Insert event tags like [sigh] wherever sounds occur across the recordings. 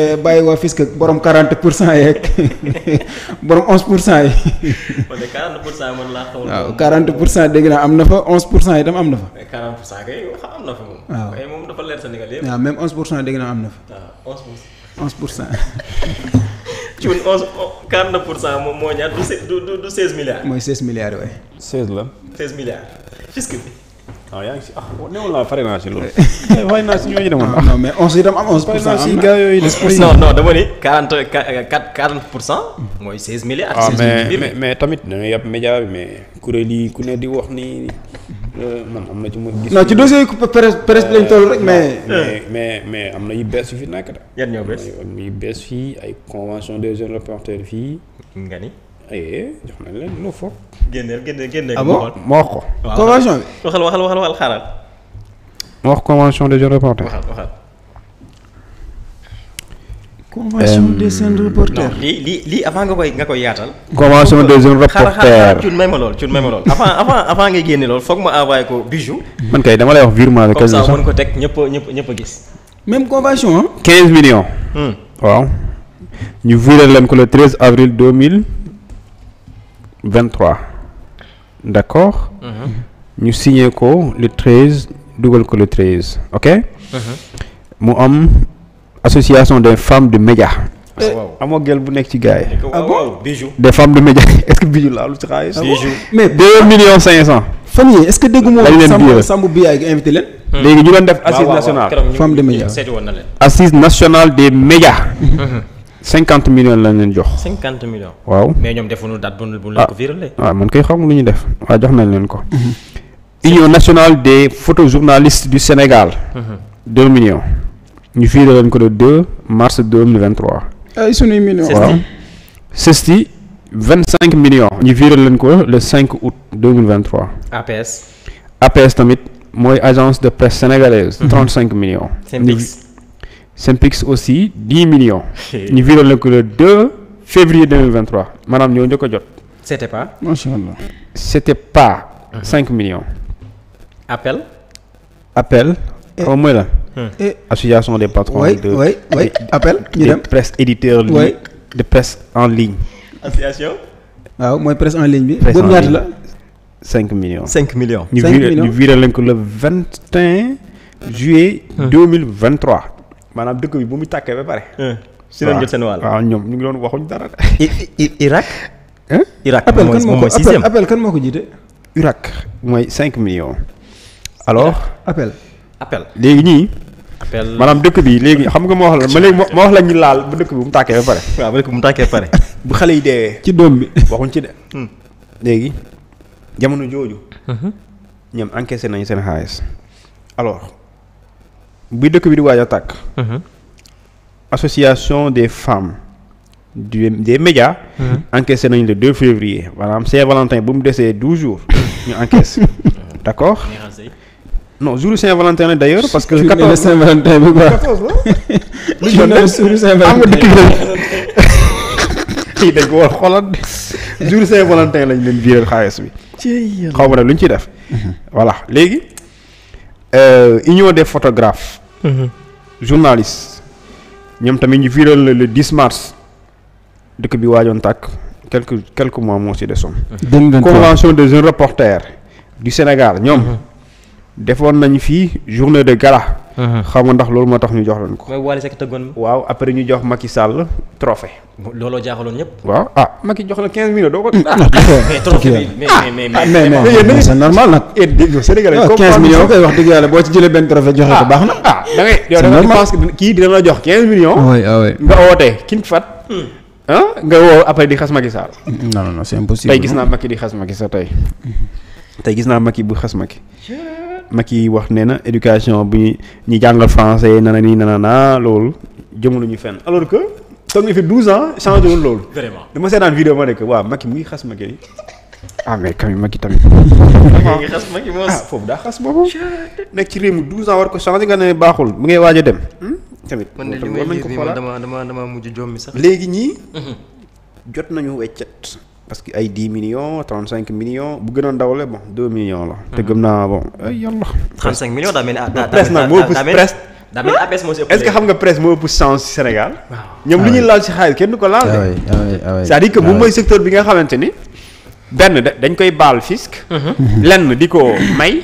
Eh, bàyyi waa fisc borom quarante pour cent yeeg [laughs] borom 11 pour cent yi. kon de 40 pour cent man laa xamul. waaw 40 pour cent dégg naa am na fa 11 pour cent itam am na fa. mais 40 pour cent kay am na fa moom. waaw kay moom dafa leer même 11 pour cent dégg naa am na fa. waaw ah, pour cent. 11 pour cent. [laughs] ci pour cent moom moo ñaar du du du 16 milliards. mooy 16 milliards waay. 16 la. 16 milliards fisc bi. waaw yaa ngi si naa pare naa loolu. pare naa si ñooñu demoon. non mais onze itam am onze pour cent am na onze pour cent dama ni pour cent. mooy seize milliards. Ah, seize milliards mais mais tamit da ngay yàpp média bi mais kuréel yi ku ne di wax ni euh, man am na ci mu gis non ci dossier yi presse presse bi lañ rek mais. mais mais am na yu bees fi nekk da. yan ñoo bees bees fii ay convention des jeunes reporters fii. nga Eh, ah ma wax ko. convention bi waxal waxal waxal waxal xaaral. ma wax convention des jeunes reporters. waxal waxal. ma lool cuun may ma lool avant avant avant ma envoyé ko bijou. man kay dama lay wax virement bi. quinze millions comme ça mën ko teg ñëpp ñëpp ñëpp a gis. même convention ah. millions. Hmm. waaw ñu viré leen ko le 13 avril 23 d' accord. ñu signé ko le 13 dugal ko le 13 ok. Mhm. mu am association des femmes de média. Eh. Ah, amoo gel bu nekk ci gars yi. ah, ah bon des femmes de média [laughs] est ce que bijou laa lu ah mais deux millions cinq cent. fan yii est ce que déggu moo Samb Samb Biaye nga invité leen. Hmm. léegi ñu doon def assise nationale. femmes de média assise nationale des médias. [laughs] Mhm. cinquante millions lañ leen jox. cinquante millions. waaw mais ñoom defuñu date bu bu leen ah. ko virale. waaw ah, man def waaw jox nañ leen ko. Mhm. Union nationale des photojournalistes du Sénégal. Mhm. deux millions. ñu viré leen ko le 2 mars 2023. ay sunuy millions. waaw CESTI vingt cinq millions. ñu viré leen ko le 5 août 2023. APS. APS tamit mooy agence de presse sénégalaise. Mhm. trente cinq millions. Synpics aussi 10 millions. ñu viral na ko le 2 février 2023 ñoo njëkk a jot. c'était pas. macha allah c'était pas. cinq millions. appel. appel. xaw mooy la. association des patrons. oui oui oui appel. ñu presse éditeur. oui de presse en ligne. association. waaw mooy presse en ligne bi. boobu ñaata la. 5 millions. 5 millions. ñu viral ñu viral lañ ko le 21 maanaam dëkk bi bu mu tàkkee ba pare. Eh, si leen jot seen wàll. waaw ñoom ñu ngi doon waxuñ dara de. Irak. Eh? Irak moom mooy sixième appel kan moo ko jiite. Irak mooy cinq millions. alors eh, appel. appel léegi ñii. appel maanaam dëkk bi léegi xam nga ma wax la ma léegi ma wax la ñu laal ba dëkk bi bu mu tàkkee ba pare. bu mu tàkkee pare. [laughs] bu xale yi deewee. ci doom bi waxuñ ci de. Hmm. léegi jamono jooju. Mm-hmm. ñoom encaissé nañu seen xaalis alors. bi dëkk bi di waaj a mhm. association des femmes du des médias. Mhm. encaissé nañu le 2 février maanaam Saint-Valentin bu mu desee 12 jours ñu encaisse [laughs] d' accord. non jour Saint-Valentin la d' ailleurs parce que. 14 Saint-Valentin bi quoi 14 la. jour la Saint-Valentin dañ lañ leen biiral xaalis bi. xaw ma nag lu ñu ciy def. Mhm. voilà léegi. Euh, union des photographes. Mhm. journaliste ñoom tamit ñu viral la le 10 mars dëkk bi waajoon tàkk quelques quelques mois moo ci desoon. convention des jeunes reporters du Sénégal ñoom. Mhm. defoon nañu fii journée de gala. Uh-huh. xam nga ndax loolu moo tax ñu jox leen ko. mooy Wally Seck tëggoon waaw après ñu jox Macky Sall trophée. looloo jaaxaloon ñëpp. waaw ah Macky jox la 15 millions doo ko. ah [laughs] trophée bi ah, mais mais mais mais c'est normal nag. et eh, Sénégalais ah, comme millions yàlla boo ci jëlee benn trophée joxe ko ah, baax na. ah da ngay yow da nga pense jox 15 millions. oui oui nga woote kin fat. Hmm. nga woo après di xas Macky Sall. non non c'est impossible. tey gis naa Macky di xas Macky sa tey. Mm-hmm. tey gis naa ki bu xas Macky. yi wax nee na bu bi ñu jàngal français nana nii nana naa loolu jëmul ñu fen alors que toog na fi 12 ans changé wul loolu. vraiment dama seetaan vidéo ma ne waa waaw Macky mu ngi xas Macky. ah mais quand même Macky tamit. [laughs] ngi xas ah, foofu daa xas boobu. nekk ci réew mi 12 war ko changé nga ne baaxul mu ngay waaja dem. Hmm? tamit man de ko may dama dama dama mujj jommi sax. léegi ñii. [laughs] jot nañu weccet. parce que ay dix millions trente cinq millions bu gën a ndawle bon deux millions la. te gëm naa bon ay yàlla. trente cinq millions daa mel ni presse nag moo ëpp presse. daa si ëpp est xam nga presse moo ëpp sens ñoom lu ñuy ah laal si xaalis kenn du ko laal de. Ah ah c'est-à-dire que moom secteur bi nga xamante ni. benn dañ koy baal fisc. Mhm. lenn di ko may.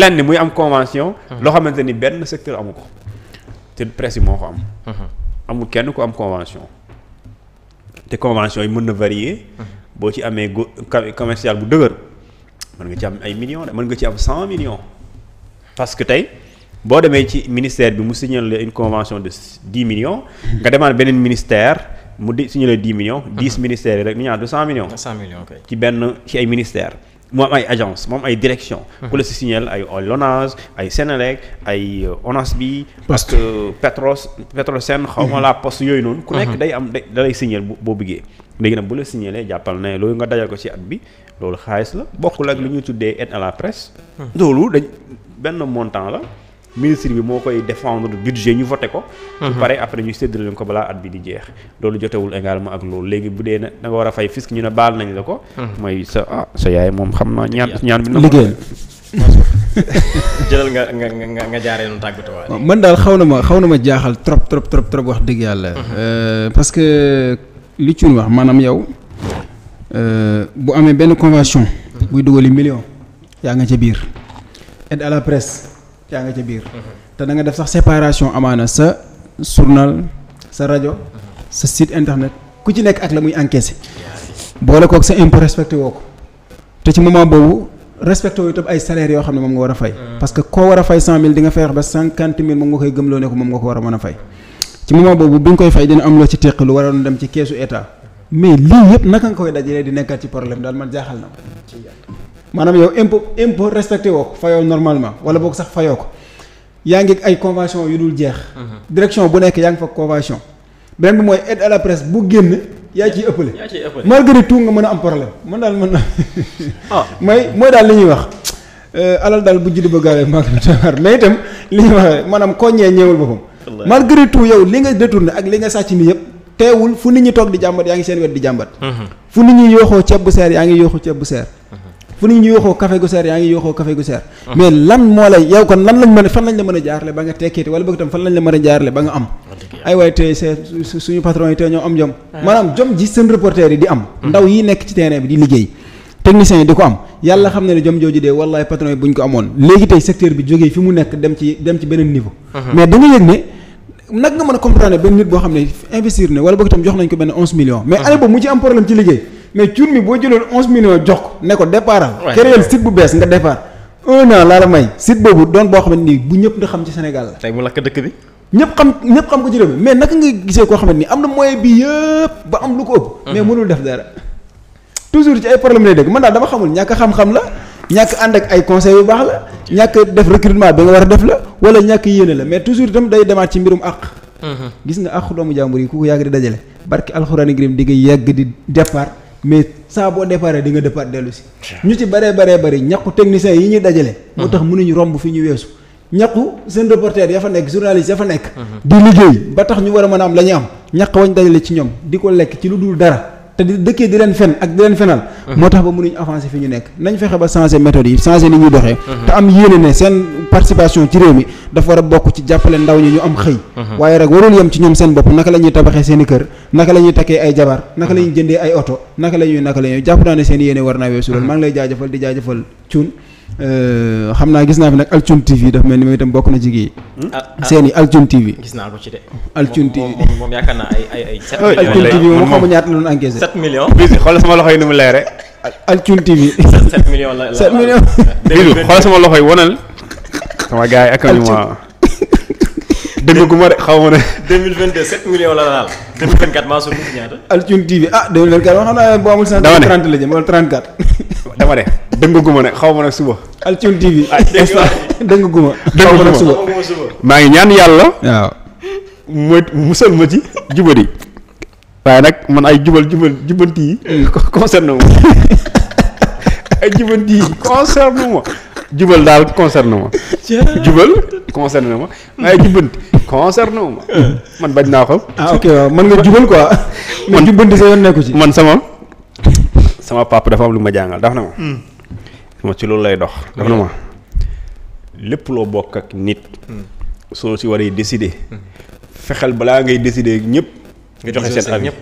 lenn muy am convention. Mhm. loo xamante ni benn secteur amu ko. te presse yi moo ko am. Mhm. amul kenn ku am convention. te convention yi boo ci amee go commercial bu dëgër mën nga ci am ay millions mën nga ci am cent millions parce que tey boo demee ci ministère bi mu signalé une convention de dix million nga demaat beneen ministère mu di signalé dix million dix mhm. ministères yi rek ñu ñaar deux cent millions ci benn ci ay ministères mu am ay agence mu ay direction mhm. ku la si signalé ay Lonase ay Senelec ay euh, Onas bi parce que Petros Petrosen xaw ma mhm. la poste yooyu noonu ku nekk day am da lay signalé boo bëggee léegi nag bu la signalee jàppal ne loolu nga dajal ko ci at bi loolu xaalis la bokkul ak lu ñu tuddee aide la presse. Hmm. loolu dañ benn montant la. ministre bi moo koy défendre budget ñu voté ko. su hmm. paree après ñu séddale leen ko balaa at bi di jeex. loolu jotewul également ak loolu léegi bu dee na da nga war a fay fisc ñu ne baal nañ la ko. Hmm. mooy sa ah sa yaay moom xam naa ñaan ñaan bi. liggéeyal jëlal nga nga nga nga jaaree noonu tàggatoo man daal xaw na ma xaw na ma jaaxal trop trop trop trop wax dëgg yàlla. Euh, lu ci wax maanaam yow euh, bu amee benn convention. buy dugali million. yaa nga ca biir. aide à la presse. yaa nga ca biir. te da nga def sax séparation amaana sa journal sa rajo. sa site internet ku ci nekk ak la muy encaissé. boole kook sa impôt respecté woo ko. te ci moment boobu respecté woo itam ay salaires yoo xam ne moom nga war a fay. Mm. parce que koo war a fay cent mille di nga ba moom nga koy gëmloo ne ko moom nga ko war a mën a fay. ci moment boobu bi nga koy fay dina am loo ci teq lu waroon dem ci keesu état mais lii yëpp naka nga koy dajalee di nekkaat ci problème daal man jaaxal na maanaam yow impôt impôt respecté woo ko fayoo normalement wala boog sax fayoo ko yaa ngi ay convention yu dul jeex. Mhm. direction bu nekk yaa ngi fa convention. beneen bi mooy aide à la presse bu génn. yaa ciy ëppale yaa ciy ëppale tout nga mën a am problème man daal mën na. [laughs] ah [laughs] mooy mooy daal li ñuy wax. Euh, alal daal bu judd ba gaawee mag [laughs] mais itam li ñuy wax maanaam koo ñee ñeewul boppam. malgré tout yow li nga détourné ak li nga sàcc mi yëpp teewul fu nit ñi toog di jàmbat yaa ngi seen wet di jàmbat mhm. fu nit ñi yooxoo ceeb bu seer yaa ngi yooxoo ceeb bu seer mhm. fu nit ñi yooxoo café gu seer yaa ngi yooxoo café gu seer mhm. mais lan moo lay yow kon lan lañ mën a fan lañ la mën a jaarale ba nga tekkiiti wala bëgg tam fan lañ la mën a jaarale ba nga am ay waay tey suñu patron yi tey ñoo am jom ah. maanaam jom ji seen reporter yi di am ndaw yi nekk ci terrain bi di liggéey techniciens yi di ko am yàlla xam ne ne jom jooju dee wallaay patron yi bu ñu ko amoon léegi tey secteur bi jógee fi mu nekk dem ci dem ci beneen niveau mhm. mais da nga yëg ne nag nga mën a comprendre benn nit boo xam ne investir ne wala boog itam jox nañ ko benn onze millions mais mhm. année boobu mu ci am problème ci liggéey mais cuun mi boo jëloon onze millions jox ko ne ko départal créer site bu bees nga départ un an laa la may site boobu doon boo xam nii bu ñëpp nga xam ci na moyen bi yëpp ba am lu ko toujours ci ay problème lay dégg man daal dama xamul ñàkk xam-xam la ñàkk ànd ak ay conseils yu baax la ñàkk def recrutement bi nga war a def la wala ñàkk yéene la mais toujours itam day demaat ci mbirum àq. Mhm. gis nga àq doomu jàmbur yi ku ko yàgg di dajale. barki alxuraani grim di nga yàgg di départ mais saa boo départ di nga départ dellu si. ñu ci baree baree bari ñàkk techniciens yi ñuy dajale. moo mhm. tax mënuñu romb fi ñu weesu. ñàkku seen reporter ya fa nekk journaliste ya fa nekk. Mhm. di liggéey ba tax ñu war a mën a am la ñu am ñàkk wañ dajale ci ñoom di ko lekk ci lu dul dara te di dëkkee di leen fen ak di leen fenal moo tax ba mënuñu avancer fi ñu nekk nañ fexe ba changer méthode yi changer ni ñuy doxee uh-huh. te am yéene ne seen participation ci réew mi dafa war a bokk ci jàppale ndaw ñi ñu am xëy uh-huh. waaye rek warul yem ci ñoom seen bopp naka la ñuy tabaxee seen i kër naka la ñuy takkee ay jabar naka la ñuy uh-huh. jëndee ay oto naka la ñuy naka la ñuy jàpp naa ne seen yéene war naa weesu loolu maa ngi lay jaajëfal di jaajëfal cuun Euh, xam naa gis naa fi nag Altune TV dafa mel ni moom itam bokk na jigéen ah, ah. seen i Altune TV. gis naa ko ci de. Altune TV moom moom yaakaar naa ay ay ay. 7 millions Altune TV moom xamu ñaata la doon encaissé. 7 millions bis xoolal sama loxo yi ni mu leere. Altune TV. 7 [laughs] millions la la 7 millions. xoolal sama loxo yi wonal. sama gars yi ak ma. demaguma de xaw ma ne. 2022 7 millions la laal 2024 maa suul ñaata. Althioune TV ah 2024 wax ma boo amul 30 la jëm wala 34. dama xaw ma nag suba. Althioune TV. Ah, suba maa ngi ñaan yàlla. waaw. mooy musal ma ci jubadi. waaye nag man ay jubal jubal jubanti yi. Mm. [laughs] concerne ma ay jubanti yi concerne ma. jubal daal concerne ma [laughs] jubal concerne ma waaye jubbanti concerne ma man bañ naa ko ah ok waaw mën nga jubal quoi man jubbanti nekku ci man sama sama papa dafa am lu ma jàngal daf na ma hmm. ma ci loolu lay dox daf na ma hmm. lépp loo bokk ak nit hmm. soo si waree décider fexeel balaa ngay décider ñëpp nga joxe seen avis ñëpp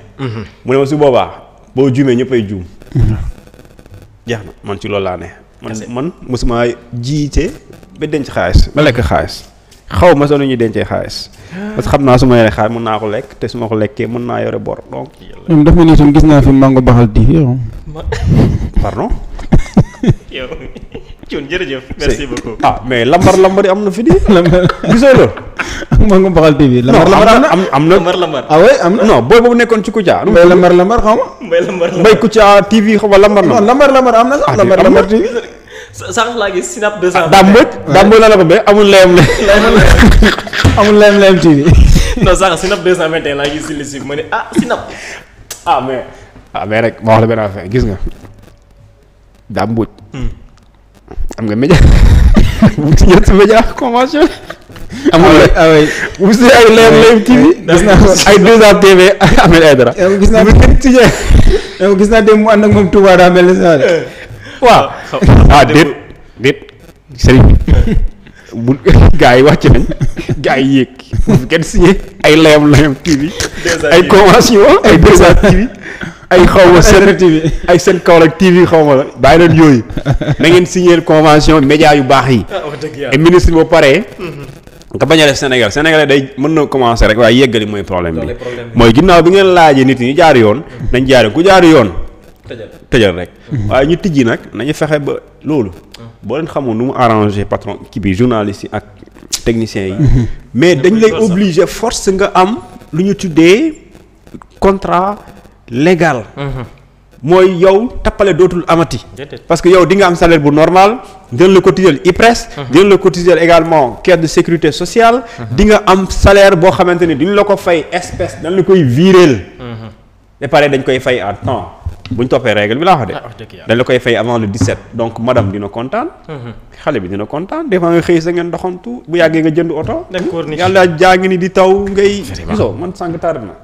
mu ne ma su boobaa boo juumee ñëpp ay juum jeex na man ci loolu laa ne man man mosuma jiite ba denc xaalis ba lekk xaalis xaw ma sax nu ñuy dencee xaalis. parce xam naa su ma yoree xaalis mën naa ko lekk te su ma ko lekkee mën naa yore bor donc. ñoom daf ma ne gis naa fi mango baxal ah. di [laughs] yow. pardon. Thioune jërëjëf. merci beaucoup ah mais lambar lambar yi am na fi di [laughs] gisoo [laughs] lambar lambar am na am na lambar lambar. Ah am na nekkoon ci Kouthia. mbay lambar lambar sax lambar lambar TV. Ah, ah, la la ko bee amul layam [laughs] layam. amul layam layam TV. non sax Sinap 221 laa gis si li ma ne ah mais rek ma wax la benn affaire gis nga daam mboj. Hmm. am nga média bu [laughs] ci ñetti média convention ah amul ah [laughs] ay bu si ay leer leer TV ay 2A TV amel ay dara gis gis naa dem [laughs] mu ànd ak moom Touba daa mel ni saa waaw ah déet déet sëriñ bu gaa yi wàcc nañ gaa yi yéeg bu fi kenn signé ay layam layam TV ay convention ay 2A TV ay xaw ma seen [laughs] ay seen Kaolack TV xaw ma la bàyyi leen yooyu [laughs] na ngeen signer convention média yu baax yi. ay ah, ministre boo paree. Mm-hmm. nga bañ a def Sénégal Sénégalais day mën na commencer rek waaye yeggali mooy problème bi mooy ginnaaw bi ngeen laajee nit ñi jaar yoon. Mm-hmm. nañ jaar ku jaar yoon. tëjal tëjal rek. Mm-hmm. waaye ñu tijji nag nañu fexe ba loolu. Mm. boo leen xamoon nu mu arrangé patron kii bi journaliste yi ak techniciens yi. mais dañ lay obligé force nga am lu ñu tuddee contrat. légal. Mhm. mooy yow tappale dootul amati. parce que yow di nga am salaire bu normal dinañ la cotiser IPRES. Mhm. dinañ la cotiser également caisse de sécurité sociale. Mhm. dinga am salaire boo xamante ni duñ la ko fay espèce dañ la koy viréel. ba pare dañ koy fay à temps bu ñu toppee règle bi laa wax de. Ah, dañ la koy fay avant le 17 donc madame dina kontaan. xale bi dina kontaan des fois nga xëy sa ngeen doxantu bu yàggee nga jënd oto. yàlla jaa ngi nii di taw ngay. gisoo man sànq tardé na.